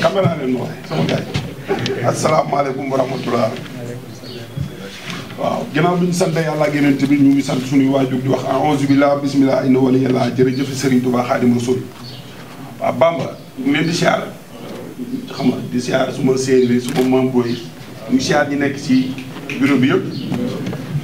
caméra leen ma waxee sama gars yi asalaamaaleykum wa rahmatulah. waaw ginnaaw bi ñu sant yàlla ak bi ñu sant suñuy waajur di wax a'uuzu billahi bismillah inna waliyallah jërëjëf Serigne Touba Xaadimu Rasuul waaw Bamba ñu leen di siyaar xam nga di siyaar suma séeréer suma membre yi ñu siyaar ñi nekk ci bureau bi yëpp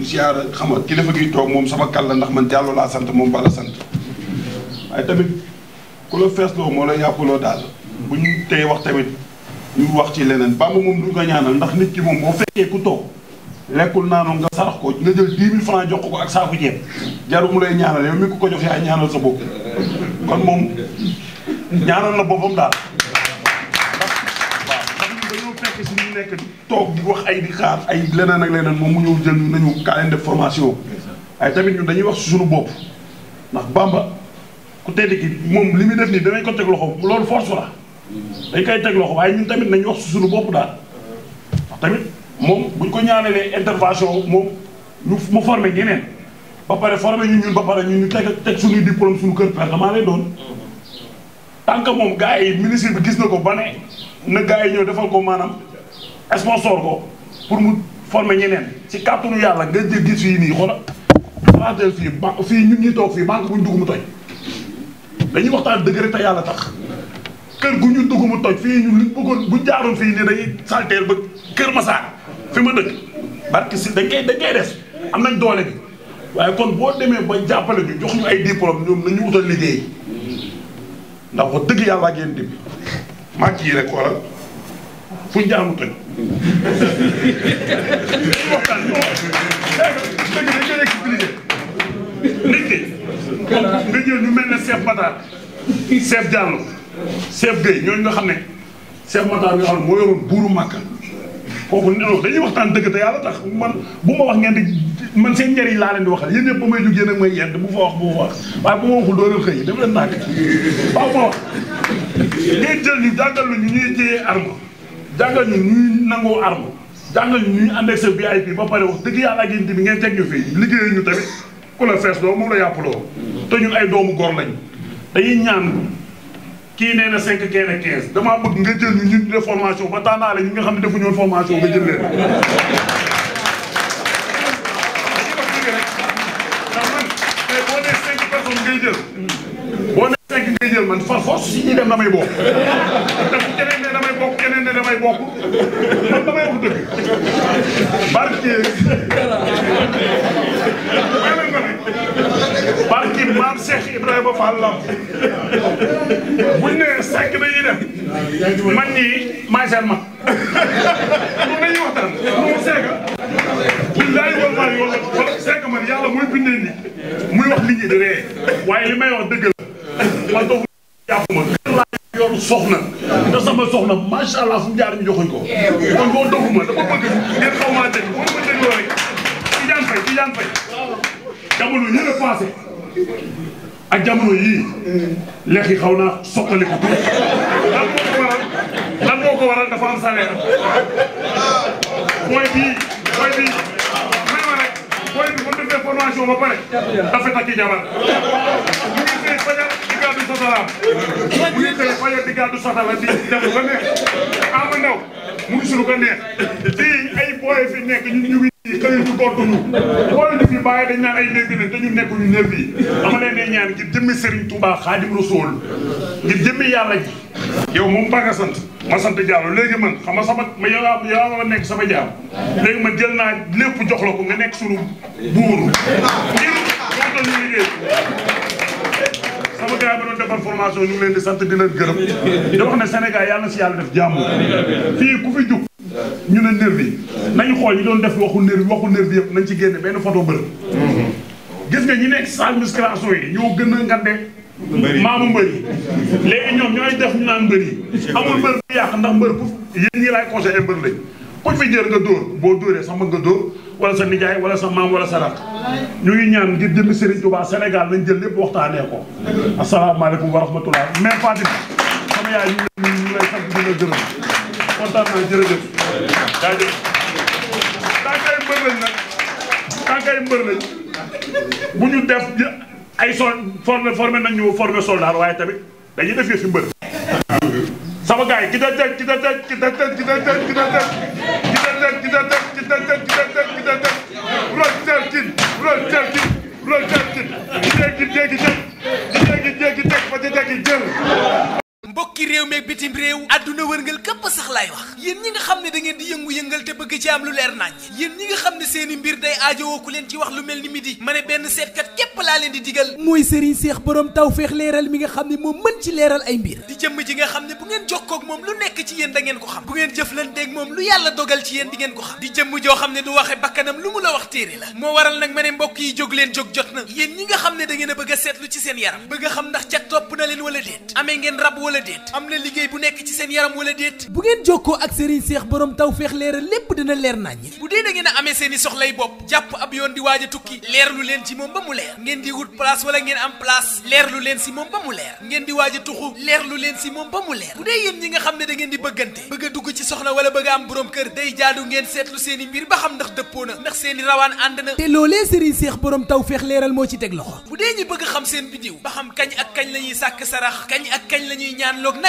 ñu siyaar xam nga kilifa gi toog moom sama kàlla ndax man Diallo laa sant moom bala sant waaye tamit ku la feesloo moo la yàppaloo bu ñu wax tamit wax ci leneen Bamba moom duñ ko ñaanal ndax nit ki moom boo fekkee ku toog lekkul naanu nga sarax ko nga jël 10 000 francs jox ko ak saaku ceeb jaru mu lay ñaanal ko ko jox yaa ñaanal sa bopp kon moom ñaanal na boppam daal. fekk si ñu nekk toog di wax ay di xaar ay leneen ak leneen moom mu ñëw jël nañu kaa leen def formation ay tamit ñun dañuy wax si suñu bopp ndax Bamba ku tedd ki moom li muy def nii danañ ko teg loxo loolu force la dañ koy teg loxo waaye ñun tamit nañ wax suñu bopp daal tamit moom buñ ko ñaanalee intervention moom ñu mu formé ñeneen ba pare formé ñu ñun ba pare ñu ñu teg teg suñuy diplôme suñu kër pertement lay doon tant que moom gars yi ministre bi gis na ko ba ne na gars yi ñëw defal ko maanaam sponsor ko pour mu former ñeneen ci kàttanu yàlla nga jël gis fii nii xoolal xalaatal fii ba fii ñu ñuy toog fii banque buñ dugg mu toj dañuy waxtaan dëgg rek yàlla tax kër gu ñu dugg mu toj fii ñu bëggoon bu jaaroon fii nii dañuy salteel ba Kër Massar fi ma dëkk barke si dañ koy dañ am nañ doole bi waaye kon boo demee ba jàppale ñu jox ñu ay diplôme ñoom nañu utal liggéey ndax wax dëgg yàlla ak yéen dibi maa ci yi rek wala fu ñu jaamu toj nga jël ñu mel ne Cheikh Bataar Cheikh Diallo Cheikh Gueye ñooñu nga xam ne Cheikh Matar nga xam ne moo yoroon buuru Màkka kooku ne dañuy waxtaan dëgg te yàlla tax man bu ma wax ngeen di man seen njëriñ laa leen di waxal yéen ñëpp ba may jug yéen ak may yedd bu fa wax bu fa wax waaye bu ma waxul doo leen xëy daf leen nàkk waaw ma wax ngeen jël ñu jàngal ñu ñuy jëyee arme jàngal ñu ñuy nangoo arme jàngal ñu ñuy ànd ak sa VIP ba pare wax dëgg yàlla ak yéen bi ngeen teg ñu fii liggéey ñu tamit ku la fees doo moom la yàpp loo te ñun ay doomu góor lañ dañuy ñaan kii nee na cinq kee na quinze damaa bëgg nga jël ñu ñu def formation ba tànnaa la ñu nga xam ne defuñu woon formation nga jël leen. boo ne cinq ngay jël man far force si ñuy dem damay bokk te bu keneen ne damay bokk keneen ne damay bokk man damay wax dëgg barke barke maam Cheikh Ibrahima Fall la tànk dañuy dem man nii maay seen mag moom dañuy waxtaan moom seega billaay wal maa wala wala seega man yàlla mooy bindee nit muy wax nit ñi di ree waaye li may wax dëgg la man doofu jàpp ma kër mu jaar ñu joxuñ ko ma dafa bëgg ngeen xaw maa dégg boo ma dégloo rek la passé ak jamono yii lex yi xaw naa soqaliku tuuti lan moo ko waral lan moo ko waral dafa am salaire booy bii booy bii may ma rek booy bi bu defee formation ba pare dafa takki jabar bu ngeen fay fajar di gàddu sotalaam bu ngeen fay fajar di gàddu sotalaam di def lu ko neex ama ndaw mu ngi sulu ko neex fii ay booy fi nekk ñu ñu ngi xëy ñu gortuñu booy di fi bàyyi dañ naan ay addina bi dama leen ne ñaan ngir jëmmi Serigne Touba Xaadim Rasul ngir jëmmi yàlla ji yow moom ba nga sant ma sant Diallo léegi man xam nga sama ma yow yaa la nekk sama jaam léegi man jël naa lépp jox la ko nga nekk sunu buur ñun moom la ñu sama gars formation ñu ngi sant di gërëm di yàlla si yàlla def jàmm fii ku fi jug ñu ne nervi nañu xool ñu doon def waxu nervi waxu nervi yëpp nañ ci génne benn photo bërëb gis nga ñi nekk ci administration yi ñoo gën a ngande maamu mbëri léegi ñoom ñooy def ñu naan mbëri amul mbër bu yàq ndax mbër bu yéen ñi laay conseillé mbër lañ ku fi jër nga dóor boo dóoree sax mën nga dóor wala sa nijaay wala sa maam wala sa rakk ñu ngi ñaan ngir jën Serigne Touba Sénégal lañ jël lépp waxtaanee ko asalaamaaleykum wa rahmatullah mais Fatima sama yaay ñu ñu lay sant di la gërëm kontaan naa jërëjëf jaajëf tànkay mbër lañ nag tànkay mbër lañ bu ñu def ay so formé formé nañ ñu formé soldat waaye tamit dañuy def yëfi mbër. sama gars yi ki da teg ki da teg ki da teg ki da teg ki da teg ki da teg ki da teg ki da teg ki da teg loolu teel ci loolu teel ci loolu teel ci. di dégg dégg teg di dégg dégg teg ba di dégg jël. réew meeg bitim réew adduna wërngal képp sax laay wax yéen ñi nga xam ne da ngeen di yëngu-yëngal te bëgg ci am lu leer nañ yéen ñi nga xam ne seeni mbir day aajowoo ku leen ci wax lu mel ni midi ma ne benn seetkat képp laa leen di digal mooy sëriñ seex borom tawfeex leeral mi nga xam ne moom mën ci leeral ay mbir di jëm ji nga xam ne bu ngeen jokkoo ak moom lu nekk ci yéen da ngeen ko xam bu ngeen jëflanteeg moom lu yàlla dogal ci yéen di ngeen ko xam di jëmm joo xam ne du waxe bakkanam lu mu la wax téere moo waral nag ma ne yi jóg leen jóg jot na yéen ñi nga xam ne da bëgg a seetlu ci seen yaram bëgg a xam ndax ca topp na leen wala déet amee ngeen rab wala déet am na bu nekk ci seen yaram wala déet bu ngeen jokkoo ak Serigne Seex borom taw feex leeral lépp dina leer naññ bu dee da ngeen amee seen i soxlay bopp jàpp ab yoon di waaj a tukki leerlu leen ci moom ba mu leer ngeen di wut place wala ngeen am place leerlu leen si moom ba mu leer ngeen di waaj tuxu leerlu leen si moom ba mu leer bu dee yéen ñi nga xam ne da ngeen di bëggante bëgg a dugg ci soxna wala bëgg a am borom kër day jaadu ngeen seetlu seen i mbir ba xam ndax dëppoo na ndax seen i rawaan ànd na taw feex leeral moo ci teg loxo bu dee ñi bëgg xam seen bidiw ba xam la sàkk sarax kañ ak kañ la ñuy ñaan